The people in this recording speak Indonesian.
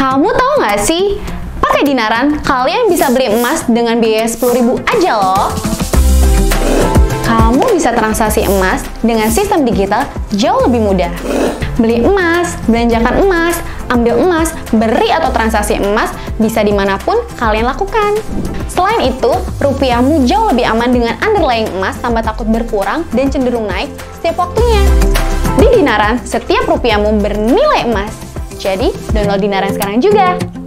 Kamu tahu nggak sih, pakai dinaran kalian bisa beli emas dengan biaya ribu aja loh. Kamu bisa transaksi emas dengan sistem digital jauh lebih mudah. Beli emas, belanjakan emas, ambil emas, beri atau transaksi emas bisa dimanapun kalian lakukan. Selain itu, rupiahmu jauh lebih aman dengan underlying emas tanpa takut berkurang dan cenderung naik setiap waktunya. Di Dinaran, setiap rupiahmu bernilai emas. Jadi, download Dinar sekarang juga.